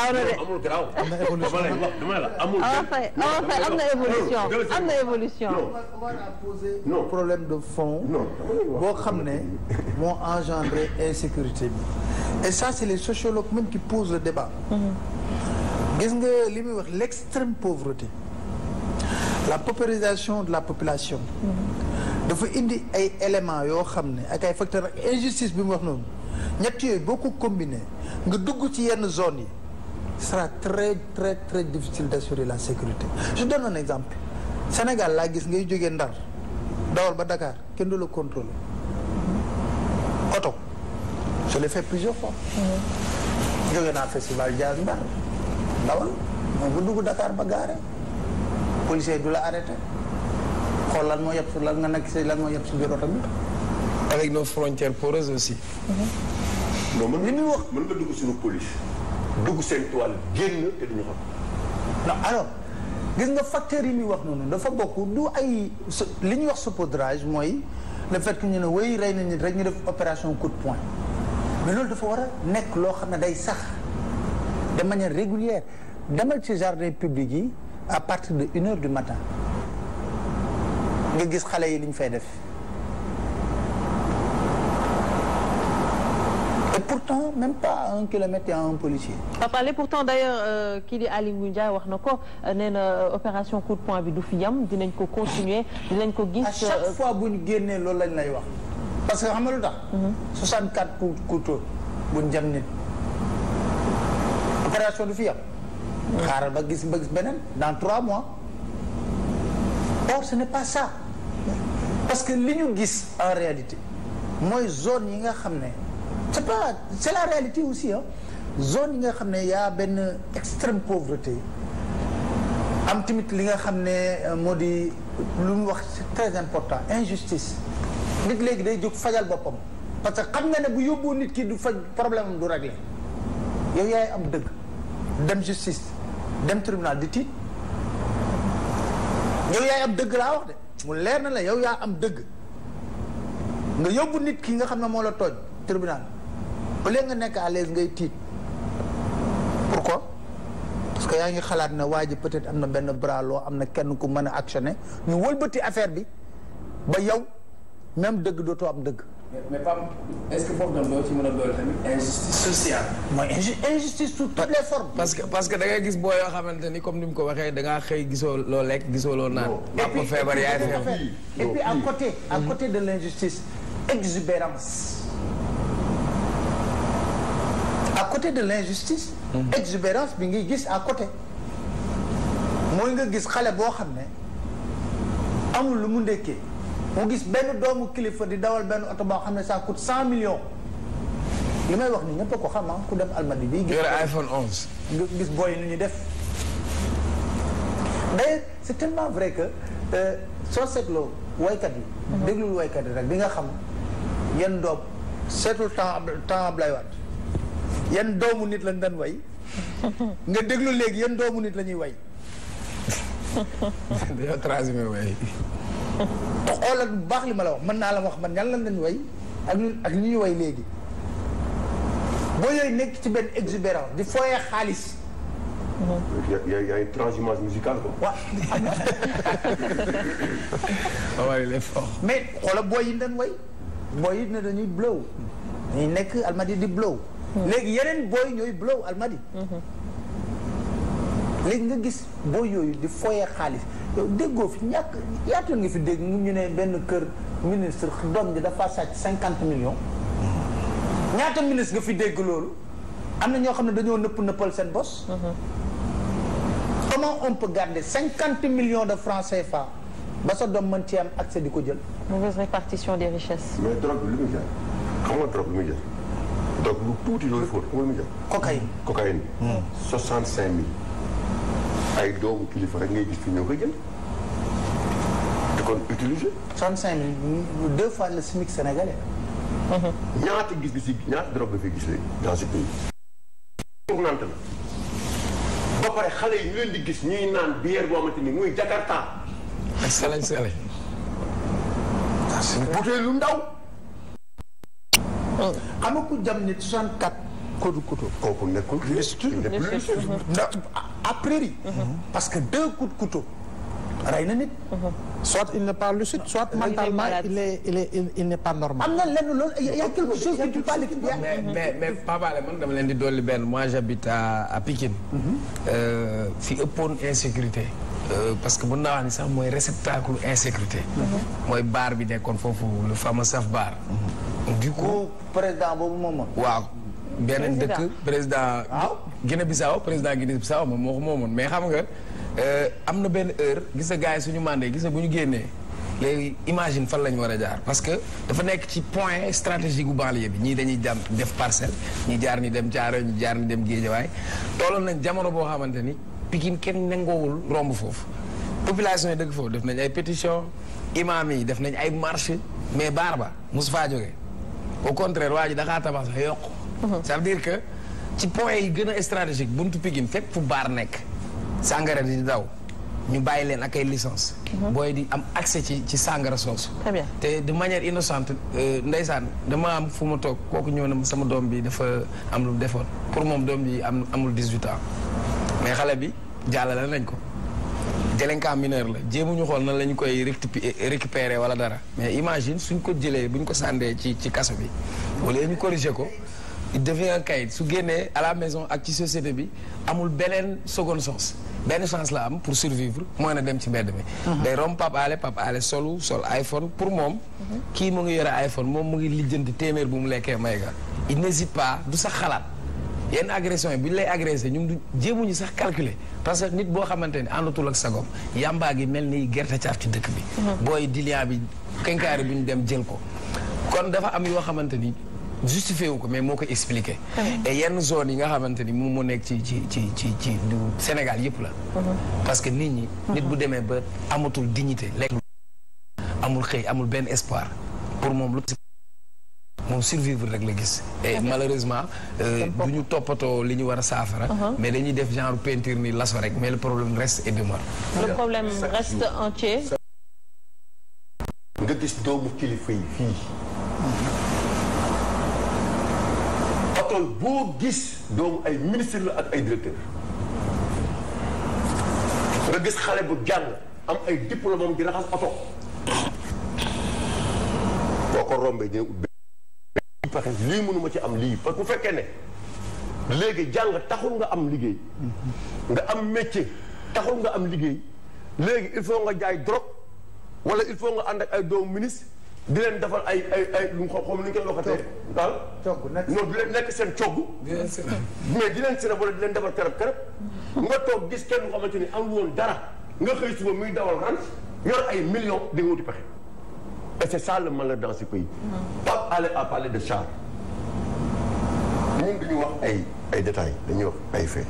garaaw na de amul garaaw. am na évolution am na évolution problème de fond. boo xam ne moo engendré insécurité bi. et ça c' est les sociologues même qui posent le débat. gis nga li muy wax l' extrême pauvreté. la paupérisation de la population. dafa indi ay éléments yoo xam ne ak ay facteurs ak injustice bi mu wax noonu ñett yooyu boo ko combiné nga dugg ci yenn zones yi. sera très très très difficile d'assurer la sécurité je donne un exemple Sénégal laa gis ngay jóge Ndar dawal ba dakaar kenn du la contrôler oto je fait plusieurs fois mm-hmm. jóge naa festival jazz mbar dawal moom bu dugg Dakar ba gaare policier du la arrêté xool lan moo yëpp lan nga nekk si lan moo yëpp si biir oto bi avec nos frontières poreuses aussi. Mm-hmm. non mën nga wax mën nga dugg suñu police. dugg seen toile génn te duñu xam. non alors gis nga facteur yi muy wax noonu dafa bokk du ay su li ñuy wax saupoudrage mooy le fait que ñu ne wéy rey na nit rek ñu def opération coup de poing mais loolu dafa war a nekk loo xam ne day sax de manière régulière demal ci jardin public yi à partir de une heure du matin nga gis xale yi li ñu fay def. et pourtant même pas à un kilomètre il y un policier. papa li pourtant d'ailleurs euh, kii di ali Aliou Ndiaye wax na ko euh, nee na euh, opération coup de bi du fi yam dinañ ko continuer dinañ ko gis. à chaque fois bu ñu génnee loolu lañ lay wax parce que xam nga lu tax. 64 mhm. coups couteau bu ñu jam nit opération du fi mhm. xaaral ba gis ba gis beneen dans trois mois. or ce n'est pas ça parce que li ñu gis en réalité mooy zone yi nga xam ne. c'est pas c'est la réalité aussi ah zone yi nga xam ne yaa benn extrême pauvreté am tamit li nga xam ne euh, moo di lu mu wax c'est très important injustice nit léegi day jóg fajal boppam parce que xam nga ne bu yóbboo nit ki du faj problème am du réglé yow yaay am dëgg dem justice dem tribunal di tiit yow yaay am dëgg laa wax de mu leer na la yow yaa am dëgg nga yóbbu nit ki nga xam ne moo la tooñ tribunal au leen nga nekk à l'aise ngay tiit pourquoi parce que yaa ngi xalaat ne waa ji peut-être am na benn bras loo am na kenn ku mën a actionné ñu wëlbati affaire bi ba yow même dëgg dootoo am dëgg. mais Pape est-ce que foofu a doole tamit injustice parce que parce que da ngay gis boo yoo xamante ni comme ni mu ko waxee dangaa xëy gisoo loo lekk gisoo loo naan. et puis feebar yaay feebar et puis à côté. à mm-hmm. côté de l'injustice exubérance. à côté de l'injustice mm-hmm. exubérance bi ngay gis à côté mooy nga gis xale boo xam ne amul lu mu ndekkee mu gis benn doomu kilifa di dawal benn oto boo xam ne ça coûte cent millions li may wax ni ñëpp a ko xam ah, ku dem Almadi bi gis iPhone 11 nga gis booy nu ñu def d'ailleurs c'est tellement vrai que euh, soo seetloo waykat yi mm-hmm. déglul waykat yi rek di nga xam yenn doom seetul temps temps Ablaye Wade yan doomu nit lañ daan way nga déglu léegi yan doomu nit la ñuy way dañoo transmet way te xoolal bu baax li ma la wax mën naa la wax man ñan lañ leen way ak ñu ak ñu ñuy way léegi boo yooyu nekk ci benn exubérance di foyee xaalis Il y a, il y a une mais xoolal booy yi ñu way. booy yi nekk almadi di blow. Hmm. léegi yeneen booy ñooy blow almadi hmm. léegi nga gis booy yooyu di foyee xaalis yow déggoo fi ñàkk yaatal nga fi dégg ñu ne benn kër ministre doom ji dafa sàcc cinquante millions ñaata ministre nga fi dégg loolu am na ñoo xam ne dañoo nëpp nëppal seen bos hmm. comment on peut million de francs CFA ba sa doom mën ci am accès di ko jël mauvaise répartition des donc lu tuuti loolu fóot xam nga lu muy jàpp. cocaïne cocaïne. 65000 hmm. ay doomu kilifa rek ngay gis fi ñoo koy jël. di kon utiliser. 65000 deux fois le SMIC sénégalais. Hmm. ñaata gis bi si ñaata drogue dafay gis léegi dans ce pays. tournante la ba pare xale yi ñu leen di gis ñuy naan bière boo xamante ni muy Jakarta. ak salañ salañ. butéel lu ndaw. xam nga ku jam nit 64 coups kooku nekkul mhm. parce que deux coups de couteau rey na nit. Mhm. soit il n'est pas lucide soit am na lenn loolu y a quelque dama leen di dolli benn moi j'habite à à Pikine. Mhm. Euh, fi ëppoon insécurité. Euh, parce que mën naa wax ni sax mooy réceptacle insécurité. mooy baar bi nekkoon foofu le fameux Saf Baar. du coup président boobu moom waaw beneen dëkk président Guinée Bissau président Guinée Bissau moom moo ko moomoon mais xam nga euh, am na benn heure gis nga gars suñu mandé gis na bu ñu génnee léegi imagine fan lañu war a jaar parce que dafa nekk ci point stratégique bu banlieue bi ñii dañuy dem def parcelle ñi jaar ni dem Thiaroye ñi jaar ni dem waaye tooloon nañ jamono boo xamante ni Pikine kenn nangoowul romb foofu population yi dëkk foofu def nañ ay pétition imam yi def nañ ay marché mais baar ba mosu faa jógee au contraire waa ji da kaa tabax sax yokk mhm. ça veut dire que ci point yi gën a stratégique buntu Pikine fépp fu baar nekk sàngara di daw ñu bàyyi leen ak ay licence mhm. booy di am accès ci ci sàngara soosu te de manière innocente euh, ndeysaan dama am fu ma toog kooku ñëw na sama doom bi dafa am lu defoon pour moom doom bi am amul 18 ans mais xale bi jàllale nañ ko délinquant mineur la jéemuñu xool nan lañu ñu koy récupérer wala dara mais imagine suñ ko jëlee bu ñu ko sàndee ci ci kaso bi wala ñu corriger ko il devient kayit su génnee à la maison ak ci société bi amul beneen seconde chance benn chance la am pour survivre mooy na dem ci mbedd mi mhm. day romb Pape Alé Pape Alé solu sol pour moom mhm. kii mu ngi yore iPhone moom mu ngi lijjanti téeméer bu mu lekkee may ga il n'hésite pas du sax xalaat yenn agression yi bu ñu lay agressé ñun du jéemuñu sax calculer parce que nit boo xamante ni àndatul ak sagom yambaa gi mel ni gerte caaf ci dëkk bi. Mhm. booy diliyaa bi kenkaari bi ñu dem jël ko. kon dafa am yoo xamante ni justifié wu ko mais moo ko expliqué. Mhm. et yenn zone yi nga xamante ni moom moo nekk ci ci ci ci ci du Sénégal yëpp la. Mhm. parce que nit ñi. nit bu demee ba amatul dignité lekk amul xëy amul benn espoir pour moom lu. moom survivre rek la gis. et malheureusement. Euh, du ñu toppatoo li ñu war a saafara. Uh-huh. mais dañuy def genre peinture ni laso rek mais le problème reste et demeure. le problème reste entier. nga gis doomu kilifa yi fii. patron boo gis doomu ay ministre la ak ay directeur nga gis xale bu jàng am ay diplôme di raxas oto. boo ko rombee dina ut lii mënu ci am lii parce que bu fekkee ne léegi jàng taxul nga am liggéey nga am métier taxul nga am liggéey léegi il faut nga jaay drop wala il faut nga ànd ak ay doomu ministre di leen defal ay ay ay lu xaw xaw ma nu ñu koy waxatee. daal cogg nekk non di leen nekk seen cogg. mais di leen seen wala di leen defal karab karab. nga toog gis kenn ku xamante ni amul woon dara nga xëy suba muy dawal ran yor ay millions di nga wuti pexe. et c'est ça le malheur dans ce pays. Mm-hmm. Pape Alé a de char. ñun dañu wax ay ay détails dañuy wax ay faits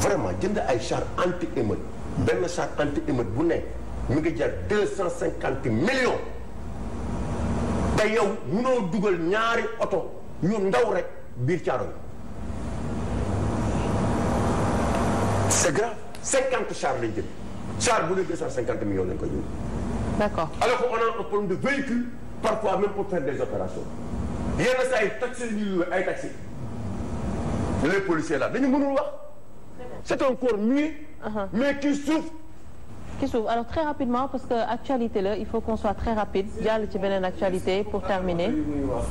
vraiment jënd ay char anti émeute benn char anti émeute bu nekk mi ngi jar deux cent cinquante te yow munoo dugal ñaari oto yu ndaw rek biir caaro yi c'est grave cinquante char lañ jënd char bu ne deux lañ ko jënd d'accord alors qu'on a un problème de véhicule parfois même pour faire des opérations la ñuy loué ay taxi les policiers là dañu mënul c'est un corps mais qui souffre alors très rapidement parce que actualité la il faut qu'on soit très rapide jàll ci beneen actualité pour terminer.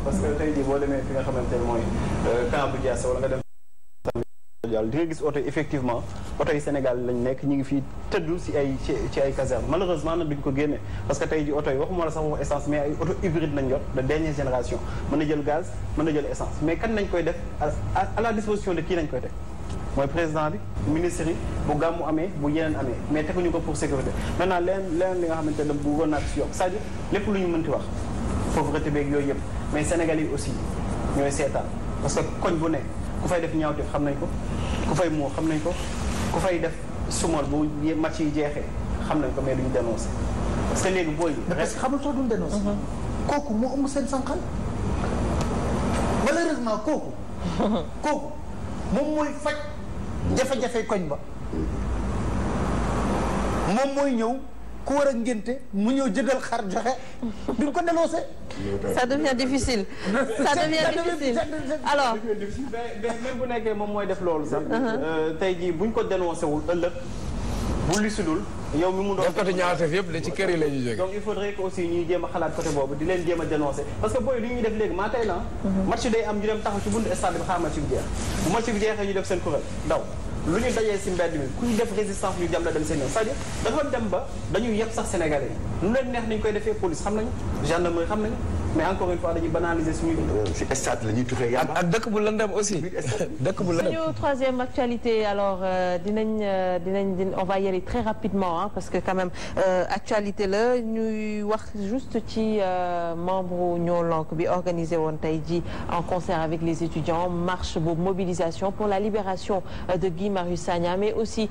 parce que tey jii boo demee fi nga xamante ne mooy Kambou Diass wala nga dem. daal di nga gis oto effectivement oto yi Sénégal lañ nekk ñu ngi fii tëdd si ay ci ay caserne malheureusement nag duñ ko génne parce que tey ji oto yi waxuma la sax waxu essence mais ay oto hybride lañ yor de dernière génération mën na jël gaz mën na jël essence mais kan nañ koy def a la disposition de kii nañ koy teg mooy président bi ministre yi bu gàmmu amee bu yeneen amee mais teguñu ko pour sécurité maintenant leneen leneen li nga xamante ne bu woon naa si yokk c'est-à-dire lépp lu ñu mënti wax pauvreté yëpp mais Sénégal yi aussi ñooy seetaan parce que koñ bu nekk ku fay def ñaawteef xam nañ ko ku fay moo xam nañ ko ku fay def sumol bu mat yi jeexee xam nañ ko mais duñ dénoncé parce que léegi booy parce que xamul soo duñ dénoncé mhm. kooku moo ëmb seen sànqal malheureusement kooku kooku moom mooy faj jafe-jafe koñ ba moom mooy ñëw ku war a ngénte mu ñëw jëgal xar joxe duñ ko dénoncé. sa devient difficile. ça devient difficile alors. même bu nekkee moom mooy def loolu sax. Uh-huh. Euh, tey jii buñ ko dénoncé wul ëllëg. bu lisulul yow mu doon. côté ñaawteef yëpp la ci kër yi la donc il faudrait que aussi ñuy jéem a xalaat côté boobu di leen jéem a dénoncé parce que booy li ñuy def léegi maa tey la uh-huh. match day am ñu dem taxaw ci buntu stade bi xaaral match bi jeex bu match bi jeexee ñu def seen kuréel daw. lu ñu dajee si mbedd mi ku ñu def résistance ñu jam la dem seen yoon c'est-à-dire dafa dem ba dañuy yëpp sax sénégalais yi lu leen neex nañ koy defee police xam nañu gendarmerie xam nañu mais encore une fois dañuy banaliser suñu. Euh, si stade la ñuy tuxee yàlla. ak dëkk bu lëndëm aussi. dëkk bu lëndëm suñu troisième actualité alors euh, euh, dinañ dinañ on va y aller très rapidement parce que quand même actualité la ñuy wax juste ci euh, membre ñoo lank bi organisé woon tey ji en concert avec les étudiants marche boobu mobilisation pour la libération de Guy Marius Sagna mais aussi.